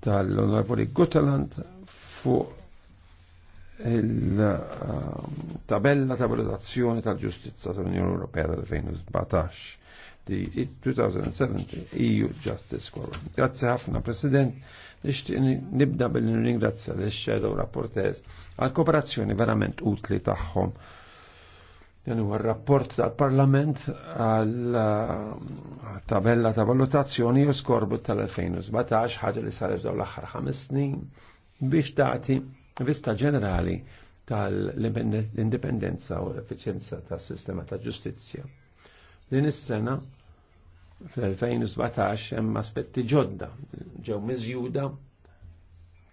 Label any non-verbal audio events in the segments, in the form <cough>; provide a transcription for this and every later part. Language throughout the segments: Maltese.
tal-Onorevoli Gutteland fuq il-tabella ta' valutazzjoni tal-ġustizza tal-Unjoni Ewropea tal-2017 di 2070 EU Justice Forum. Grazzi ħafna, President, nixtieq nibda billi ningrazzja l-Shadow Rapportez għal kooperazzjoni verament utli tagħhom Dan huwa rapport tal-Parlament għal uh, tabella ta' valutazzjoni u skorbu tal-2017 ħaġa li saret dawn l-aħħar ħames snin biex tagħti vista ġenerali tal-indipendenza u l-effiċenza tas-sistema ta' ġustizzja. Din is-sena fl-2017 hemm aspetti ġodda ġew miżjuda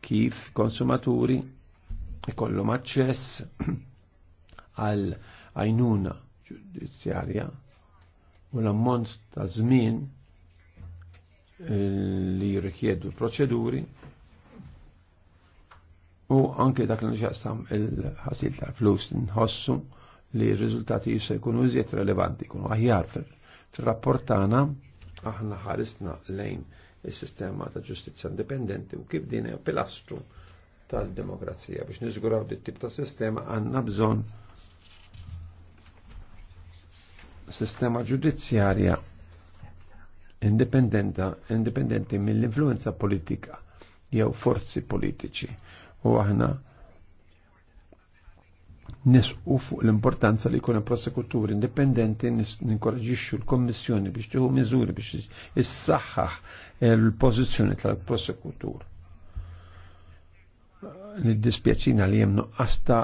kif konsumaturi ikollhom aċċess <clears throat> għal għajnuna ġudizzjarja u l-ammont ta' żmien eh, li jirrikjedu proċeduri u anke dak li nxaqsam il-ħasil tal-flus nħossu li r-riżultati jissa jkunu iżjed relevanti, jkunu aħjar fil-rapportana aħna ħarisna lejn il-sistema ta' ġustizja indipendenti u kif din pilastru tal-demokrazija biex niżguraw dit tip ta' sistema għandna bżonn sistema ġudizzjarja indipendenti mill-influenza politika jew forzi politiċi u aħna nisqu fuq l-importanza li jkun prosekuturi indipendenti ninkoraġixxu l-Kommissjoni biex tieħu miżuri biex issaħħaħ il-pożizzjoni tal-prosekutur niddispjaċina li jemnu għasta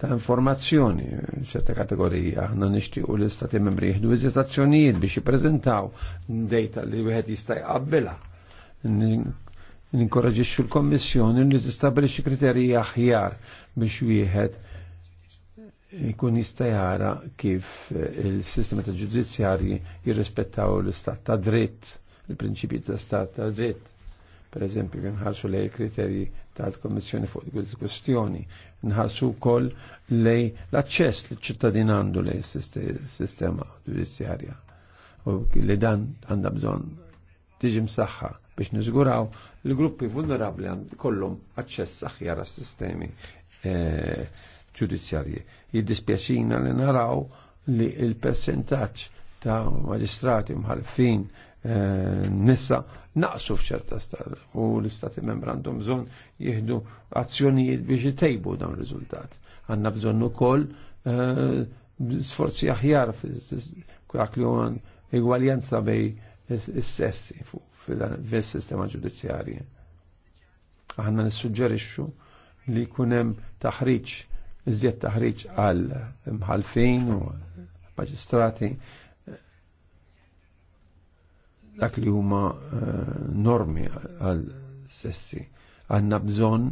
ta' informazzjoni ċerta kategorija. Għanna u l-istati membri jihdu eżitazzjonijiet biex jiprezentaw data li wieħed jista' jqabbilha. Ninkoraġixxu l-Kommissjoni li tistabilixxi kriterji aħjar biex wieħed jkun jista' jara kif il-sistema ta' ġudizzjarji jirrispettaw l-istat ta' dritt, il-prinċipji ta' stat ta' dritt per eżempju, nħarsu lej kriterji tal-Kommissjoni fuq il-kustjoni, nħarsu kol lej l-access li ċittadin għandu lej sistema ġudizzjarja. U li dan għanda bżon tiġi msaħħa biex nizguraw l-gruppi vulnerabli kollum access saħħjar għas-sistemi eh, ġudizzjarji. Jiddispjaċina li naraw li il-percentaċ ta' magistrati mħalfin Eh, nissa naqsu f'ċerta stal u l-istati membri għandhom bżonn jieħdu azzjonijiet biex jtejbu dawn riżultat. Għandna bżonn ukoll eh, sforzi aħjar dak li huwa egwaljenza bej is-sessi fil-sistema ġudizzjarji. Aħna nissuġġerixxu li jkun hemm taħriġ iżjed taħriġ għal mħalfin u maġistrati dak li huma eh, normi għal sessi. Għanna bżon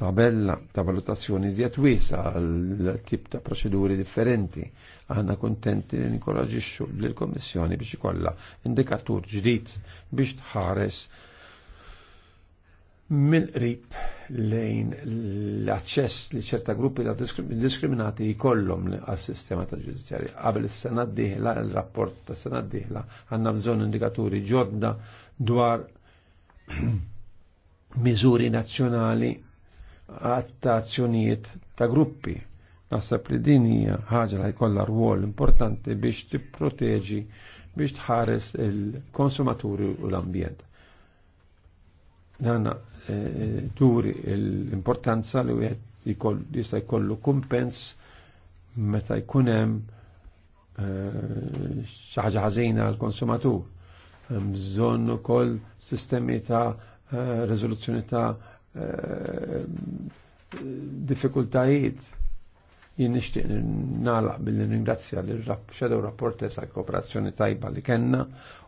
tabella ta' valutazzjoni iżjed wiesa għal tip ta' proċeduri differenti. Għanna kontenti li nkoraġixxu lill-Kommissjoni biex ikolla indikatur ġdid biex tħares mill-qrib lejn l-aċċess li ċerta gruppi ta' diskriminati jkollhom għas-sistema ta' ġudizzjarja. Qabel is-sena d-dieħla, il-rapport ta' sena d-dieħla, għandna bżonn indikaturi ġodda dwar <clears throat> miżuri nazzjonali ta' azzjonijiet ta' gruppi. Naħseb li din hija ħaġa li jkollha rwol importanti biex tipproteġi biex tħares il-konsumaturi u l-ambjent. Għanna turi l-importanza li wieħed jista' jkollu kumpens meta jkun hemm eh, xi ħaġa għall konsumatur Mżonnu bżonn ukoll sistemi ta' eh, riżoluzzjoni ta' eh, diffikultajiet jien nixtieq nagħlaq billi ringrazzja lir shadow rapporters għal kooperazzjoni tajba li kellna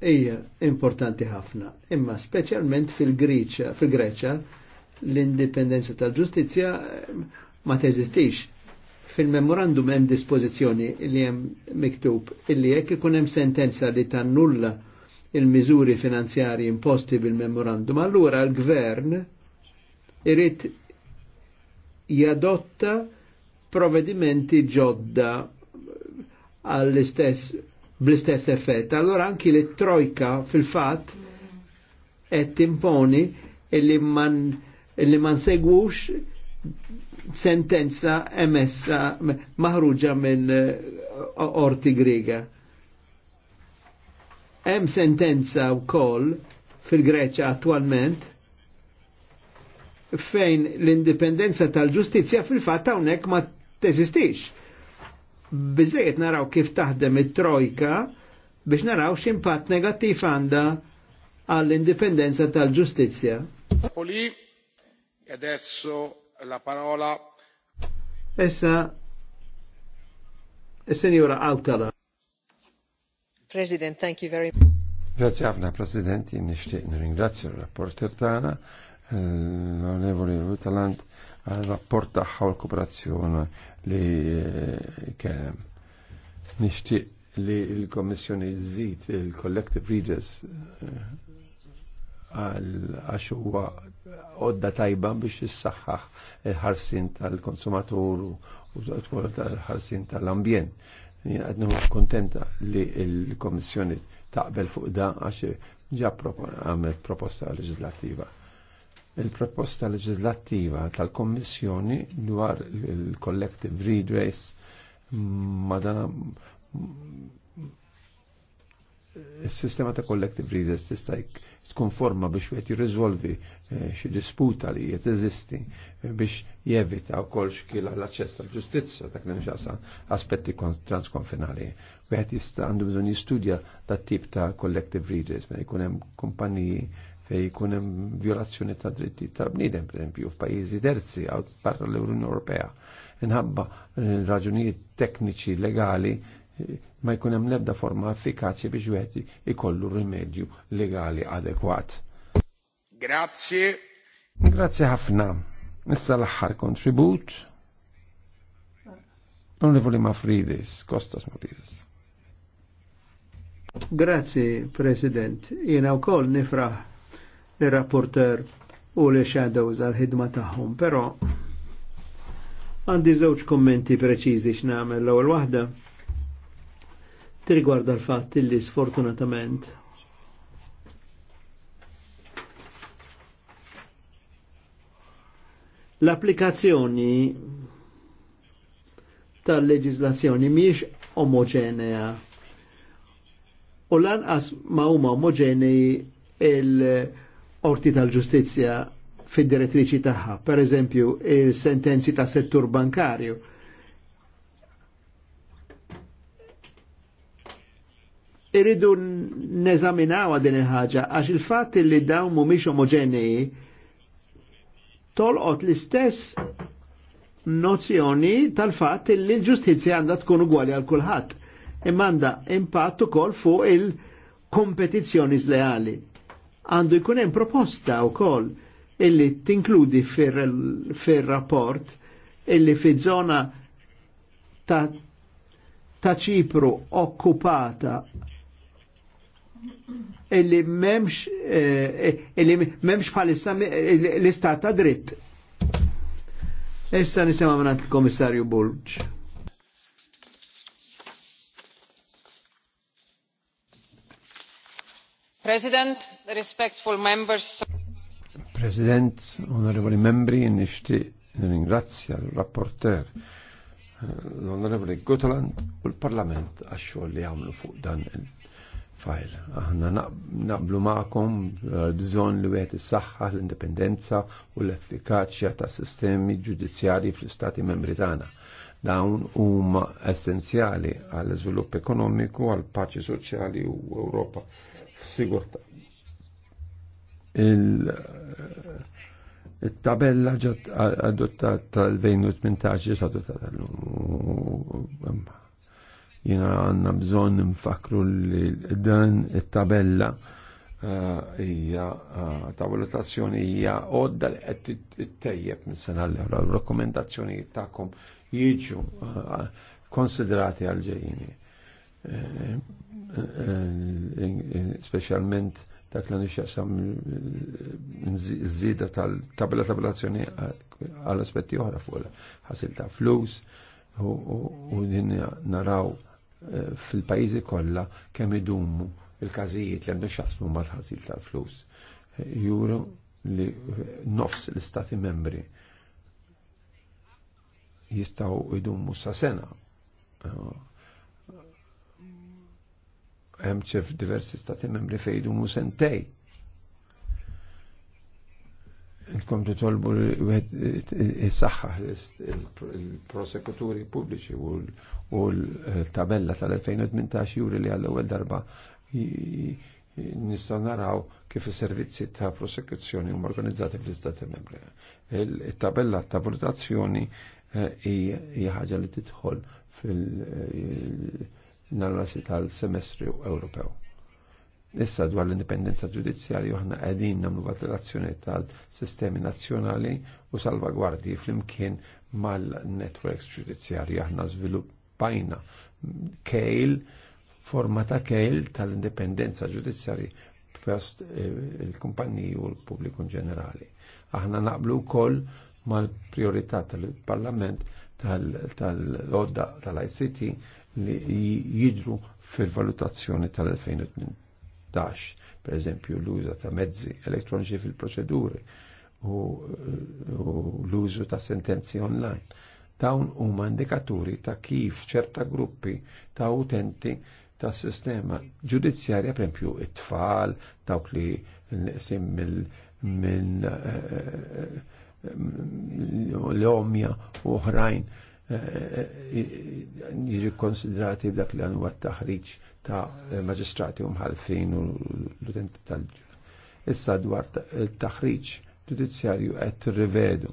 hija importanti ħafna, imma speċjalment fil-Greċja, fil-Greċja l-indipendenza tal-ġustizzja eh, ma teżistix. Fil-memorandum hemm dispożizzjoni li hemm miktub illi jekk ikun hemm sentenza li tannulla il-miżuri finanzjari imposti bil-memorandum, allura l-gvern irid jadotta provvedimenti ġodda għall-istess bl-istess effett. Allora anki li trojka fil-fat qed timponi illi man, illi man segwux sentenza emessa maħruġa minn eh, orti grega. Hemm sentenza wkoll fil-Greċa attualment fejn l-indipendenza tal-ġustizja fil-fatt hawnhekk ma teżistix bizzejt naraw kif taħdem it-trojka biex naraw x'impatt negattiv għandha għall-indipendenza tal-ġustizzja. Poli, e adesso la parola. Essa, e il-senjura Autala. President, thank you very much. Grazie għafna, Presidenti, nishtiq nirringrazzju l-rapporter tagħna, eh, l-Onorevoli Vitalant, għal-rapport tagħha u l-kooperazzjoni li eh, kellem. Nixtieq li l-Kommissjoni zid il-Collective Readers eh, għax huwa għodda tajba biex jissaħħaħ il-ħarsin tal-konsumatur u tal-ħarsin tal-ambjent. Għad kontenta li l-Komissjoni taqbel fuq da għax ġa għamil proposta leġislativa il-proposta leġislattiva tal-Kommissjoni dwar il-collective redress madana il-sistema ta' collective redress tista' tkun forma biex għet jirriżolvi eh, xi disputa li qed eżisti eh, biex jevita wkoll xkiel l-aċċess għall ġustizzja dak li xasa aspetti transkonfinali. Wieħed jista' għandu bżonn jistudja dat tip ta' collective redress meta jkun hemm kumpaniji fej jkun hemm violazzjoni ta' dritti tal-bniedem, pereżempju f'pajjiżi terzi għaw barra l-Unjoni Ewropea. Inħabba eh, raġunijiet tekniċi legali eh, ma jkun hemm l-ebda forma effikaċi biex wieħed ikollu rimedju legali adekwat. Grazie. Grazie ħafna. Issa l-aħħar kontribut. Onorevoli Mafridis, Kostas Mafridis. Grazie, President. Jena u koll nifraħ l-rapporter u li shadows għal-ħidma tagħhom, però għandi żewġ kommenti preċiżi x'namel l-ewwel waħda tirgwarda l-fatt li sfortunatament l-applikazzjoni tal-leġislazzjoni miex omogenea u lanqas ma huma omogenei il- orti tal-ġustizja fid-direttriċi tagħha, per eżempju il-sentenzi ta' settur bankarju. Iridu neżaminawa din il ħagġa għax il-fatt li dawn mhumiex omogenei tolqot l-istess nozzjoni tal-fatt li l ġustizja għandha tkun ugwali għal kulħadd imma għandha impatt ukoll fuq il-kompetizzjoni leali għandu jkun hemm proposta wkoll illi tinkludi fir-rapport illi fi zona ta', ta ċipru okkupata illi memx eh, eh illi memx palissa eh, l-istat ta' dritt. Issa nisema minnant il-Komissarju Bulġ. President, respectful members. President, onorevoli membri, nixtieq nirringrazzja l-rapporter l-onorevoli eh, Gutland u l-Parlament għax-xogħol li għamlu fuq dan il-fajl. Aħna naqblu ma'kom eh, bżonn li wieħed is-saħħa l-indipendenza u l-effikaċja ta' sistemi ġudizzjarji fl-Istati Membri tagħna. Dawn huma essenzjali għall-iżvilupp ekonomiku, għall-paċi soċjali u Ewropa f'sigurta. Il-tabella ġat adottat tal-2018 adottat tal-lum. Jena għanna bżon nfakru li dan il-tabella eh, hija eh, ta' valutazzjoni hija għodda li qed ittejjeb minn sena l-ewra. Rekomendazzjonijiet tagħkom jiġu eh, konsiderati għal ġejjini specialment dak li nixxaqsam żieda eh, tal-tabla tablazzjoni eh, għal aspetti oħra fuq ħasil ta' flus u din naraw eh, fil-pajjiżi kollha kemm idumu il-każijiet li għandu xaqsmu mal-ħasil tal-flus. Juru li nofs l-istati membri jistaw idumu sa sena hemm ċef diversi stati membri fejdu mu sentej. Kom tolbu s-saxħa il-prosekuturi publiċi u l-tabella tal-2018 juri li għall ewel darba nistaw naraw kif is-servizzi ta' prosekuzzjoni huma organizzati fl-Istati Membri. Il-tabella ta' valutazzjoni eh, hija ħaġa li titħol fil- eh, nal-rasi tal-semestri Ewropew. Issa dwar l-indipendenza ġudizzjarju ħna qegħdin nagħmlu validazzjoni tal-sistemi nazzjonali u salvagwardji flimkien mal-networks ġudizzjarju aħna żviluppajna kejl forma ta' kejl tal-indipendenza ġudizzjarju fost il-kumpanniji u l-pubbliku ġenerali. Aħna naqblu wkoll mal-priorità tal-Parlament tal-odda tal-ICT li jidru fil-valutazzjoni tal-2018, per eżempju l-uża ta' mezzi elektroniċi fil-proċeduri u, l-użu ta' sentenzi online. Dawn huma indikaturi ta' kif ċerta gruppi ta' utenti ta' sistema ġudizzjarja, per eżempju it-tfal, dawk li nqsim minn eh, eh, eh, l-omja u oħrajn jiġi konsiderati b'dak li għanwa taħriġ ta' maġistrati u u l-utenti tal ġur Issa dwar taħriġ ġudizzjarju għed rivedu,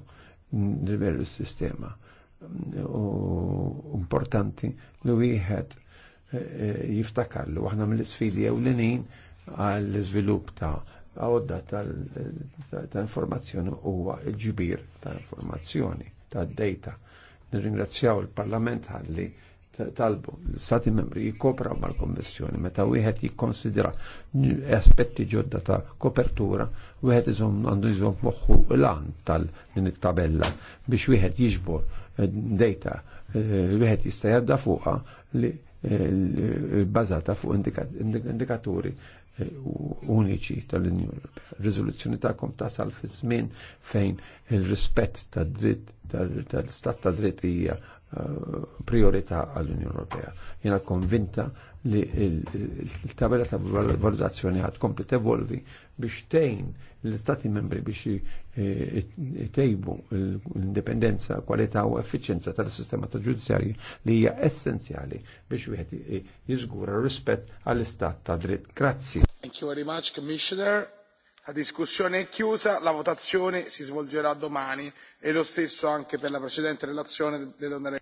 rivedu s-sistema. U importanti li wieħed e, e, jiftakarlu. Aħna mill-sfidi ewlenin għall-izvilup ta' għodda ta' informazzjoni huwa il-ġibir ta' informazzjoni, ta' data Nirringrazzjaw il-Parlament ħalli talbu l-Stati membri jikopraw mal konvenzjoni meta wieħed jikkonsidra aspetti ġodda ta' kopertura wieħed iżom għandu iżom moħħu l-għan tal-din it-tabella biex wieħed jiġbor eh, data eh, wieħed jista' jadda fuqha li eh, bazata fuq indikaturi uniċi tal-Unjoni Ewropea. Riżoluzzjoni tagħkom tasal fi żmien fejn il-rispett tad-dritt tal-istat tad-dritt hija priorità għall-Unjoni Ewropea. Jena konvinta li l-tabella ta' valutazzjoni għad kompli evolvi biex tejn l-Stati membri biex tejbu l-indipendenza, kwalità u effiċenza tal-sistema ta' ġudizzjarju li hija essenzjali biex wieħed jiżgura rispett għall-istat ta' dritt. Grazzi. Thank you very much, Commissioner. La discussione è chiusa, la votazione si svolgerà domani e lo stesso anche per la precedente relazione dell'onorevole.